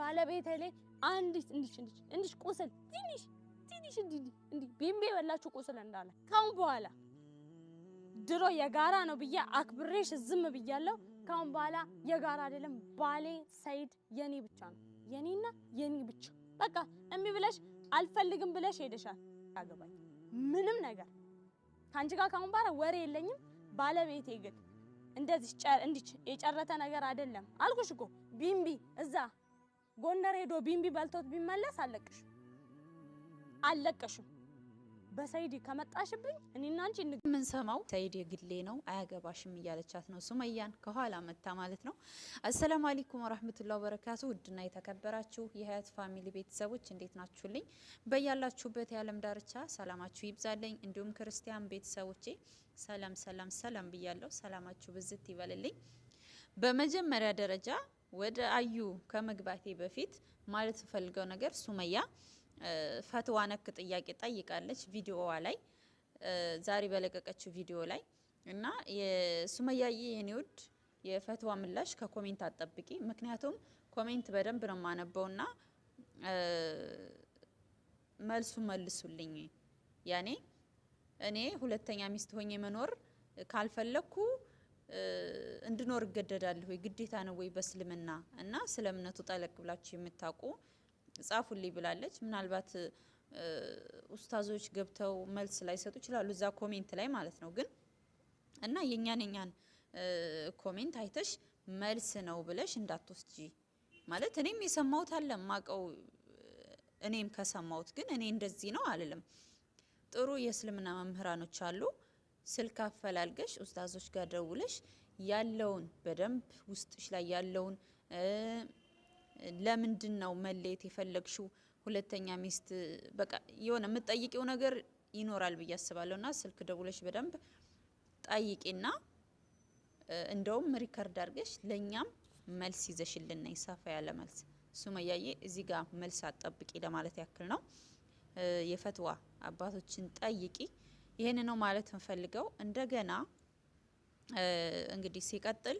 ባለቤቴ ላይ አንዲት እንዲች እንዲች እንዲች ቁስል ትንሽ ትንሽ እንዲ እንዲ ቢምቢ የበላችሁ ቁስል እንዳለ ካሁን በኋላ ድሮ የጋራ ነው ብዬ አክብሬሽ ዝም ብያለሁ። ካሁን በኋላ የጋራ አይደለም። ባሌ ሰይድ የኔ ብቻ ነው፣ የኔና የኔ ብቻ በቃ። እምቢ ብለሽ አልፈልግም ብለሽ ሄደሻል። አገባኝ ምንም ነገር ከአንቺ ጋር ካሁን በኋላ ወሬ የለኝም። ባለቤቴ ግን እንደዚህ ጨር እንዲች የጨረተ ነገር አይደለም አልኩሽ እኮ ቢምቢ እዛ ጎንደር ሄዶ ቢንቢ በልቶት ቢመለስ አለቅሽ አለቀሽም። በሰይድ ከመጣሽብኝ እኔና አንቺ ሰማው ሰይድ የግሌ ነው አያገባሽም እያለቻት ነው ሱመያን ከኋላ መታ ማለት ነው። አሰላሙ አለይኩም ወራህመቱላሂ ወበረካቱ። ውድና የተከበራችሁ የሀያት ፋሚሊ ቤተሰቦች እንዴት ናችሁልኝ? በያላችሁበት የዓለም ዳርቻ ሰላማችሁ ይብዛልኝ። እንዲሁም ክርስቲያን ቤተሰቦቼ ሰላም ሰላም ሰላም ብያለሁ። ሰላማችሁ ብዝት ይበልልኝ። በመጀመሪያ ደረጃ ወደ አዩ ከመግባቴ በፊት ማለት ፈልገው ነገር ሱመያ ፈትዋ ነክ ጥያቄ ጠይቃለች ቪዲዮዋ ላይ ዛሬ በለቀቀችው ቪዲዮ ላይ እና የሱመያዬ የኔ ውድ የፈትዋ ምላሽ ከኮሜንት አጠብቂ። ምክንያቱም ኮሜንት በደንብ ነው እና መልሱ መልሱልኝ። ያኔ እኔ ሁለተኛ ሚስት ሆኜ መኖር ካልፈለግኩ እንድኖር እገደዳለሁ ወይ ግዴታ ነው ወይ በእስልምና እና ስለ እምነቱ ጠለቅ ብላችሁ የምታውቁ ጻፉልኝ ብላለች። ምናልባት ኡስታዞች ገብተው መልስ ሰጡ ይችላሉ እዛ ኮሜንት ላይ ማለት ነው። ግን እና የእኛን የኛን ኮሜንት አይተሽ መልስ ነው ብለሽ እንዳትወስጂ ማለት እኔም የሰማሁት አለ ማቀው እኔም ከሰማሁት ግን እኔ እንደዚህ ነው አልልም። ጥሩ የእስልምና መምህራኖች አሉ ስልክ አፈላልገሽ ኡስታዞች ጋር ደውለሽ ያለውን በደንብ ውስጥሽ ላይ ያለውን ለምንድን ነው መለየት የፈለግሽው? ሁለተኛ ሚስት በቃ የሆነ የምትጠይቂው ነገር ይኖራል ብዬ አስባለሁ። ና ስልክ ደውለሽ በደንብ ጠይቂና እንደውም ሪከርድ አድርገሽ ለእኛም መልስ ይዘሽልን ይዘሽልና ሰፋ ያለ መልስ ሱመያዬ፣ እዚህ ጋር መልስ አጠብቂ ለማለት ያክል ነው። የፈትዋ አባቶችን ጠይቂ። ይህን ነው ማለት እንፈልገው። እንደገና እንግዲህ ሲቀጥል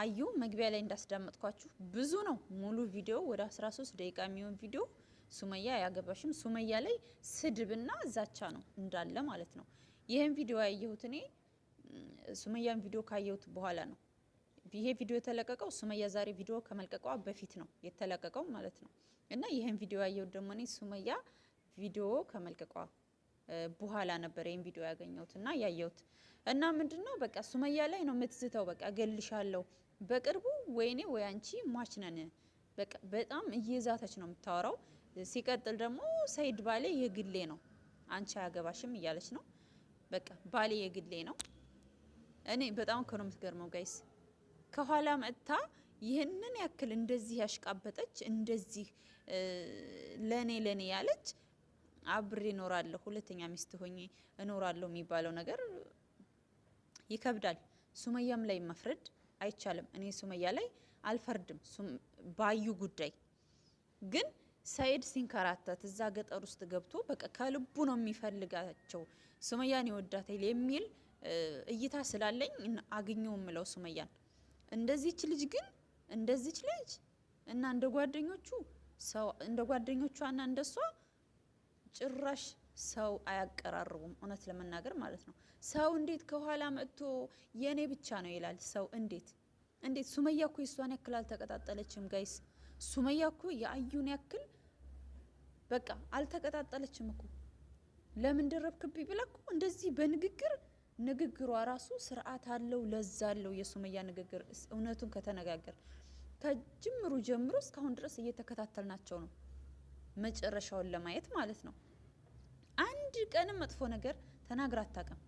አዩ መግቢያ ላይ እንዳስዳመጥኳችሁ ብዙ ነው ሙሉ ቪዲዮ ወደ 13 ደቂቃ የሚሆን ቪዲዮ ሱመያ አያገባሽም ሱመያ ላይ ስድብና እዛቻ ነው እንዳለ ማለት ነው። ይህን ቪዲዮ ያየሁት እኔ ሱመያን ቪዲዮ ካየሁት በኋላ ነው። ይሄ ቪዲዮ የተለቀቀው ሱመያ ዛሬ ቪዲዮ ከመልቀቋ በፊት ነው የተለቀቀው ማለት ነው። እና ይህን ቪዲዮ ያየሁት ደግሞ እኔ ሱመያ ቪዲዮ ከመልቀቋ በኋላ ነበር ይህን ቪዲዮ ያገኘሁት እና ያየሁት እና ምንድን ነው በቃ ሱመያ ላይ ነው የምትዝተው። በቃ እገልሻለሁ በቅርቡ ወይኔ ወይ አንቺ ማች ነን። በጣም እየዛተች ነው የምታወራው። ሲቀጥል ደግሞ ሰይድ ባሌ የግሌ ነው፣ አንቺ አያገባሽም እያለች ነው። በቃ ባሌ የግሌ ነው። እኔ በጣም ከነው የምትገርመው ጋይስ። ከኋላ መጥታ ይህንን ያክል እንደዚህ ያሽቃበጠች እንደዚህ ለእኔ ለእኔ ያለች አብሬ እኖራለሁ፣ ሁለተኛ ሚስት ሆኜ እኖራለሁ የሚባለው ነገር ይከብዳል። ሱመያም ላይ መፍረድ አይቻልም። እኔ ሱመያ ላይ አልፈርድም ባዩ ጉዳይ ግን ሰኢድ ሲንከራተት እዛ ገጠር ውስጥ ገብቶ በቃ ከልቡ ነው የሚፈልጋቸው ሱመያን ይወዳታል የሚል እይታ ስላለኝ አግኘው ምለው ሱመያን እንደዚች ልጅ ግን እንደዚች ልጅ እና እንደ ጓደኞቹ ሰው እንደ ጓደኞቿና እንደሷ ጭራሽ ሰው አያቀራርቡም። እውነት ለመናገር ማለት ነው። ሰው እንዴት ከኋላ መጥቶ የእኔ ብቻ ነው ይላል። ሰው እንዴት እንዴት ሱመያ እኮ የእሷን ያክል አልተቀጣጠለችም። ጋይስ ሱመያ እኮ የአዩን ያክል በቃ አልተቀጣጠለችም እኮ ለምን ደረብክብኝ ብላ እኮ እንደዚህ በንግግር ንግግሯ ራሱ ስርዓት አለው፣ ለዛ አለው የሱመያ ንግግር። እውነቱን ከተነጋገር ከጅምሩ ጀምሮ እስካሁን ድረስ እየተከታተልናቸው ነው መጨረሻውን ለማየት ማለት ነው። አንድ ቀንም መጥፎ ነገር ተናግራ አታውቅም።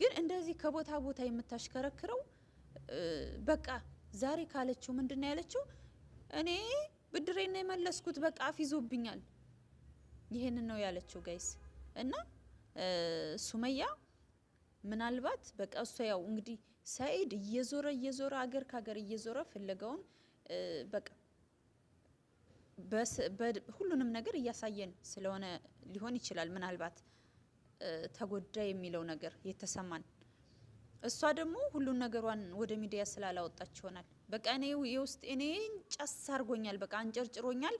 ግን እንደዚህ ከቦታ ቦታ የምታሽከረክረው በቃ ዛሬ ካለችው ምንድን ነው ያለችው? እኔ ብድሬና የመለስኩት በቃ አፍ ይዞብኛል። ይህንን ነው ያለችው ጋይስ። እና ሱመያ ምናልባት በቃ እሷ ያው እንግዲህ ሰኢድ እየዞረ እየዞረ አገር ከሀገር እየዞረ ፍለጋውን በቃ ሁሉንም ነገር እያሳየን ስለሆነ ሊሆን ይችላል ምናልባት ተጎዳ የሚለው ነገር የተሰማን። እሷ ደግሞ ሁሉን ነገሯን ወደ ሚዲያ ስላላወጣች ይሆናል። በቃ እኔ የውስጥ እኔን ጨስ አርጎኛል፣ በቃ አንጨርጭሮኛል፣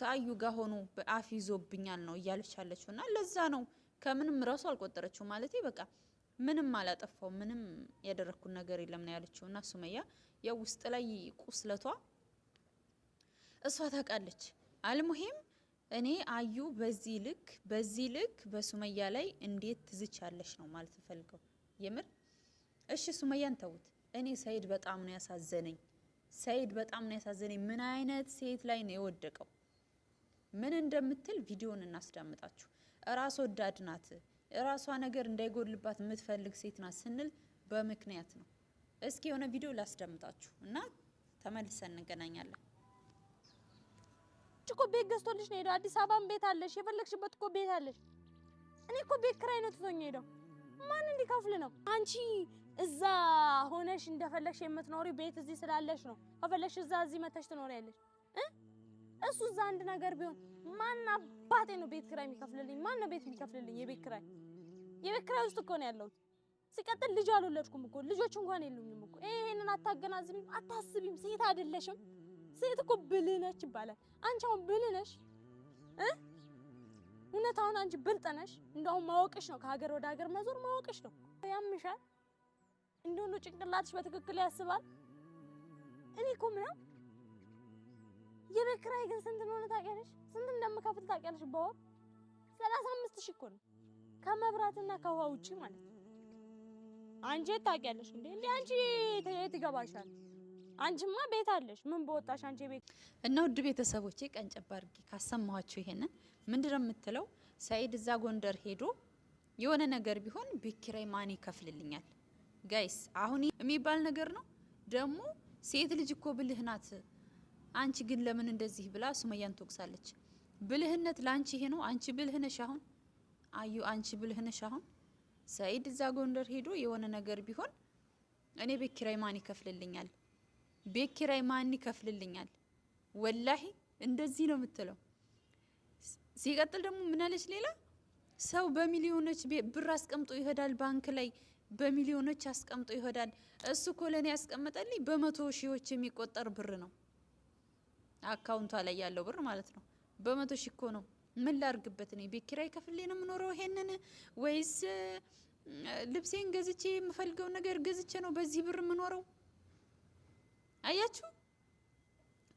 ከአዩ ጋር ሆኖ በአፍ ይዞብኛል ነው እያለች ያለችው እና ለዛ ነው ከምንም ራሱ አልቆጠረችው ማለት በቃ ምንም አላጠፋው ምንም ያደረግኩን ነገር የለም ነው ያለችው እና ሱመያ ያው ውስጥ ላይ ቁስለቷ እሷ ታውቃለች። አልሙሂም እኔ አዩ በዚህ ልክ በዚህ ልክ በሱመያ ላይ እንዴት ትዝቻለሽ ነው ማለት ፈልገው የምር። እሺ ሱመያን ተውት። እኔ ሰይድ በጣም ነው ያሳዘነኝ። ሰይድ በጣም ነው ያሳዘነኝ። ምን አይነት ሴት ላይ ነው የወደቀው? ምን እንደምትል ቪዲዮን እናስዳምጣችሁ። እራስ ወዳድ ናት፣ እራሷ ነገር እንዳይጎልባት የምትፈልግ ሴት ናት ስንል በምክንያት ነው። እስኪ የሆነ ቪዲዮ ላስዳምጣችሁ እና ተመልሰን እንገናኛለን። ውጭ እኮ ቤት ገዝቶልሽ ነው ሄደው። አዲስ አበባም ቤት አለሽ፣ የፈለግሽበት እኮ ቤት አለሽ። እኔ እኮ ቤት ክራይ ነው ትቶኝ ሄደው። ማን እንዲከፍል ነው? አንቺ እዛ ሆነሽ እንደፈለግሽ የምትኖሪ ቤት እዚህ ስላለሽ ነው። ከፈለግሽ እዛ እዚህ መተሽ ትኖሪያለሽ። እሱ እዛ አንድ ነገር ቢሆን ማን አባቴ ነው ቤት ክራይ የሚከፍልልኝ? ማን ነው ቤት የሚከፍልልኝ? የቤት ክራይ የቤት ክራይ ውስጥ እኮ ነው ያለሁት። ሲቀጥል ልጅ አልወለድኩም እኮ ልጆች እንኳን የሉኝም እኮ። ይሄንን አታገናዝቢም፣ አታስቢም። ሴት አይደለሽም ሴት እኮ ብልህ ነች ይባላል። አንቺ አሁን ብልህ ነሽ እ እውነት አሁን አንቺ ብልጥ ነሽ። እንደው ማወቅሽ ነው ከሀገር ወደ ሀገር መዞር ማወቅሽ ነው። ያምሻል እንደው ነው ጭንቅላትሽ በትክክል ያስባል። እኔ እኮ ምና የቤት ኪራይ ግን ስንት እንደሆነ ታውቂያለሽ? ስንት እንደምከፍል ታውቂያለሽ? በወር ሰላሳ አምስት ሺህ እኮ ነው ከመብራትና ከውሃ ውጪ ማለት ነው። አንቺ ታውቂያለሽ እንዴ? እንዴ አንቺ የት ይገባሻል? አንቺማ ቤት አለሽ፣ ምን በወጣሽ አንቺ ቤት እና ውድ ቤተሰቦቼ ቀን ጨባርጊ ካሰማኋቸው ይሄንን ምንድነው የምትለው? ሰኢድ እዛ ጎንደር ሄዶ የሆነ ነገር ቢሆን ቤት ማን ይከፍልልኛል? ጋይስ አሁን የሚባል ነገር ነው ደግሞ። ሴት ልጅ እኮ ብልህ ናት። አንቺ ግን ለምን እንደዚህ ብላ ሱመያን ትወቅሳለች። ብልህነት ለአንቺ ይሄ ነው። አንቺ ብልህ ነሽ አሁን አዩ፣ አንቺ ብልህ ነሽ አሁን። ሰኢድ እዛ ጎንደር ሄዶ የሆነ ነገር ቢሆን እኔ ቤት ኪራይ ማን ይከፍልልኛል ቤት ኪራይ ማን ይከፍልልኛል? ወላሂ እንደዚህ ነው የምትለው። ሲቀጥል ደግሞ ምናለች ሌላ ሰው በሚሊዮኖች ብር አስቀምጦ ይሄዳል ባንክ ላይ በሚሊዮኖች አስቀምጦ ይሄዳል። እሱ እኮ ለእኔ ያስቀመጠልኝ በመቶ ሺዎች የሚቆጠር ብር ነው፣ አካውንቷ ላይ ያለው ብር ማለት ነው። በመቶ ሺ እኮ ነው። ምን ላርግበት ነው? ቤት ኪራይ ከፍሌ ነው የምኖረው ይሄንን ወይስ ልብሴን ገዝቼ የምፈልገው ነገር ገዝቼ ነው በዚህ ብር የምኖረው? አያችሁ፣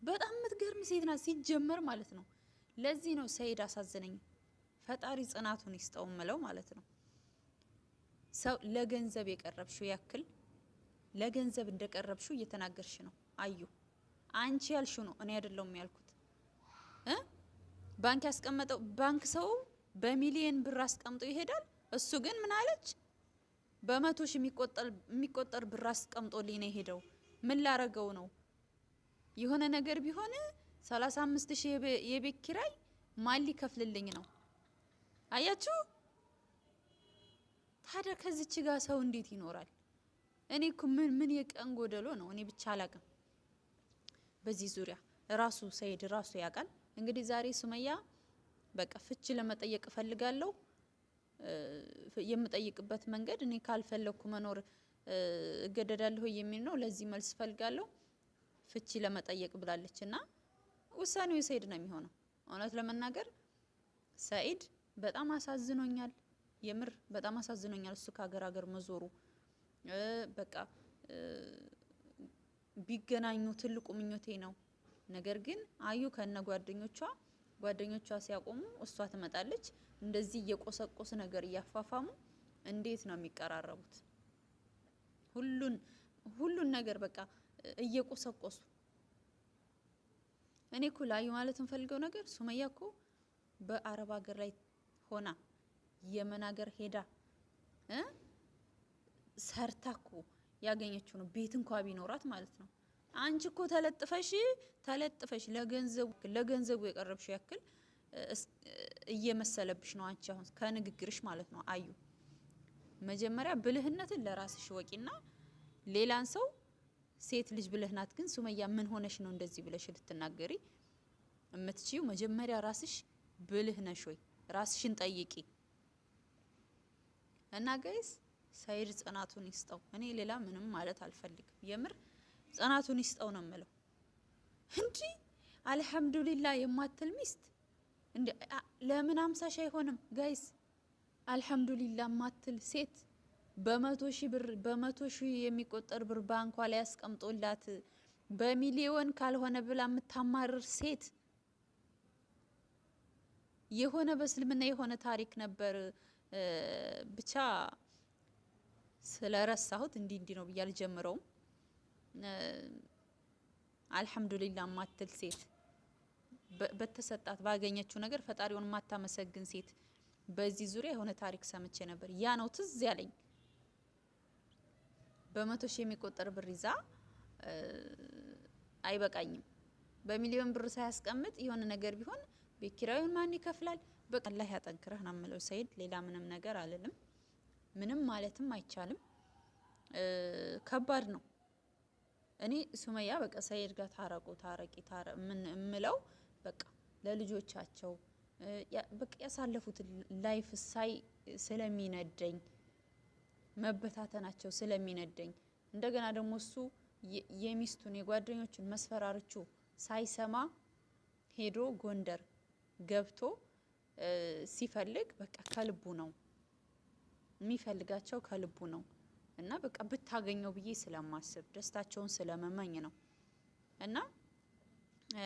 በጣም የምትገርም ሴት ናት ሲጀመር ማለት ነው። ለዚህ ነው ሰይድ አሳዘነኝ። ፈጣሪ ጽናቱን ይስጠው ምለው ማለት ነው። ሰው ለገንዘብ የቀረብሽው ያክል ለገንዘብ እንደቀረብሽው እየተናገርሽ ነው። አዩ አንቺ ያልሽው ነው፣ እኔ አይደለሁም ያልኩት። ባንክ ያስቀመጠው ባንክ ሰው በሚሊየን ብር አስቀምጦ ይሄዳል። እሱ ግን ምን አለች? በመቶ ሺህ የሚቆጠር ብር አስቀምጦ ሊነ ይሄደው። ምን ላረገው ነው? የሆነ ነገር ቢሆን ሰላሳ ሺህ የቤት ኪራይ ማን ሊከፍልልኝ ነው? አያችሁ ታዲያ ከዚች ጋር ሰው እንዴት ይኖራል? እኔ እኮ ምን ምን የቀን ጎደሎ ነው? እኔ ብቻ አላቅም። በዚህ ዙሪያ ራሱ ሰይድ ራሱ ያውቃል። እንግዲህ ዛሬ ሱመያ በቃ ፍቺ ለመጠየቅ እፈልጋለሁ። የምጠይቅበት መንገድ እኔ ካልፈለግኩ መኖር እገደዳለሁ የሚል ነው። ለዚህ መልስ ፈልጋለሁ ፍቺ ለመጠየቅ ብላለች እና ውሳኔው ሰይድ ነው የሚሆነው። እውነት ለመናገር ሰይድ በጣም አሳዝኖኛል። የምር በጣም አሳዝኖኛል እሱ ከሀገር ሀገር መዞሩ በቃ ቢገናኙ ትልቁ ምኞቴ ነው። ነገር ግን አዩ ከነ ጓደኞቿ ጓደኞቿ ሲያቆሙ እሷ ትመጣለች። እንደዚህ እየቆሰቆስ ነገር እያፋፋሙ እንዴት ነው የሚቀራረቡት? ሁሉን ሁሉን ነገር በቃ እየቆሰቆሱ እኔ እኮ ላዩ ማለት እንፈልገው ነገር ሱመያ እኮ በአረብ ሀገር ላይ ሆና የመን ሀገር ሄዳ ሰርታ እኮ ያገኘችው ነው። ቤት እንኳ ቢኖራት ማለት ነው። አንቺ እኮ ተለጥፈሽ ተለጥፈሽ ለገንዘቡ ለገንዘቡ የቀረብሽው ያክል እየመሰለብሽ ነው። አንቺ አሁን ከንግግርሽ ማለት ነው አዩ መጀመሪያ ብልህነትን ለራስሽ ወቂና ሌላን ሰው ሴት ልጅ ብልህ ናት፣ ግን ሱመያ ምን ሆነሽ ነው እንደዚህ ብለሽ ልትናገሪ እምትችዩ? መጀመሪያ ራስሽ ብልህ ነሽ ወይ ራስሽን ጠይቂ። እና ጋይስ ሰይድ ጽናቱን ይስጠው። እኔ ሌላ ምንም ማለት አልፈልግም። የምር ጽናቱን ይስጠው ነው የምለው። እንዲ አልሐምዱሊላ የማትል ሚስት እንዲ ለምን አምሳሽ አይሆንም ጋይስ? አልሐምዱሊላ ማትል ሴት በመቶ ሺህ ብር በመቶ ሺህ የሚቆጠር ብር ባንኳ ላይ ያስቀምጦላት በሚሊዮን ካልሆነ ብላ የምታማርር ሴት የሆነ በእስልምና የሆነ ታሪክ ነበር ብቻ ስለረሳሁት እንዲህ እንዲህ ነው ብዬ አልጀምረውም። አልሐምዱሊላ ማትል ሴት በተሰጣት ባገኘችው ነገር ፈጣሪውን ማታመሰግን ሴት በዚህ ዙሪያ የሆነ ታሪክ ሰምቼ ነበር። ያ ነው ትዝ ያለኝ። በመቶ ሺህ የሚቆጠር ብር ይዛ አይበቃኝም፣ በሚሊዮን ብር ሳያስቀምጥ የሆነ ነገር ቢሆን ቤት ኪራዩን ማን ይከፍላል? በቃ አላህ ያጠንክረህ ነው የምለው ሰይድ። ሌላ ምንም ነገር አልልም፣ ምንም ማለትም አይቻልም። ከባድ ነው። እኔ ሱመያ በቃ ሰይድ ጋር ታረቁ ታረቂ ታረ ምን እምለው በቃ ለልጆቻቸው በቃ ያሳለፉትን ላይፍ ሳይ ስለሚነደኝ መበታተናቸው ስለሚነደኝ እንደገና ደግሞ እሱ የሚስቱን የጓደኞቹን መስፈራርቹ ሳይሰማ ሄዶ ጎንደር ገብቶ ሲፈልግ በቃ ከልቡ ነው የሚፈልጋቸው ከልቡ ነው። እና በቃ ብታገኘው ብዬ ስለማስብ ደስታቸውን ስለመመኝ ነው። እና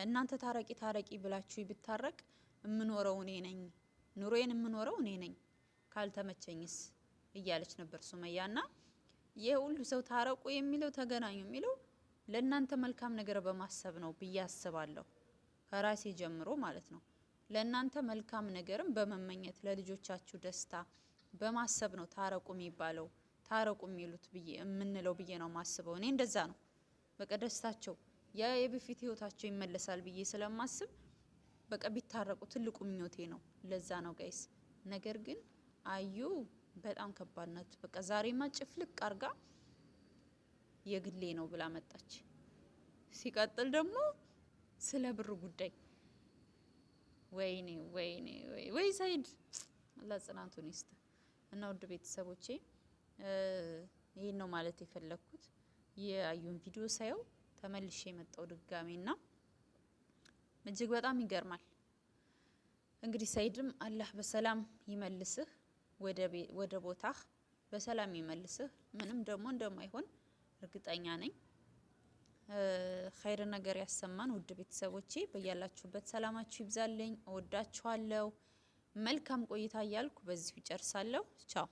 እናንተ ታረቂ ታረቂ ብላችሁ ብታረቅ የምኖረው እኔ ነኝ፣ ኑሮዬን የምኖረው እኔ ነኝ፣ ካልተመቸኝስ እያለች ነበር ሱመያ እና ይህ ሁሉ ሰው ታረቁ የሚለው ተገናኙ የሚለው ለእናንተ መልካም ነገር በማሰብ ነው ብዬ አስባለሁ። ከራሴ ጀምሮ ማለት ነው። ለእናንተ መልካም ነገርም በመመኘት ለልጆቻችሁ ደስታ በማሰብ ነው ታረቁ የሚባለው ታረቁ የሚሉት ብዬ የምንለው ብዬ ነው ማስበው። እኔ እንደዛ ነው በቃ ደስታቸው ያ የበፊት ህይወታቸው ይመለሳል ብዬ ስለማስብ በቃ ቢታረቁ ትልቁ ምኞቴ ነው። ለዛ ነው ጋይስ። ነገር ግን አዩ በጣም ከባድ ናት። በቃ ዛሬማ ጭፍልቅ አርጋ የግሌ ነው ብላ መጣች። ሲቀጥል ደግሞ ስለ ብሩ ጉዳይ ወይኔ ወይኔ ወይ ወይ ሰይድ ለጽናቱን ይስጥ እና ውድ ቤተሰቦቼ ይህን ነው ማለት የፈለግኩት። የአዩን ቪዲዮ ሳየው ተመልሼ የመጣው ድጋሜ ና እጅግ በጣም ይገርማል። እንግዲህ ሰይድም አላህ በሰላም ይመልስህ ወደ ቦታህ በሰላም ይመልስህ። ምንም ደግሞ እንደማይሆን እርግጠኛ ነኝ። ኸይር ነገር ያሰማን። ውድ ቤተሰቦቼ በያላችሁበት ሰላማችሁ ይብዛልኝ። እወዳችኋለሁ። መልካም ቆይታ እያልኩ በዚሁ ጨርሳለሁ። ቻው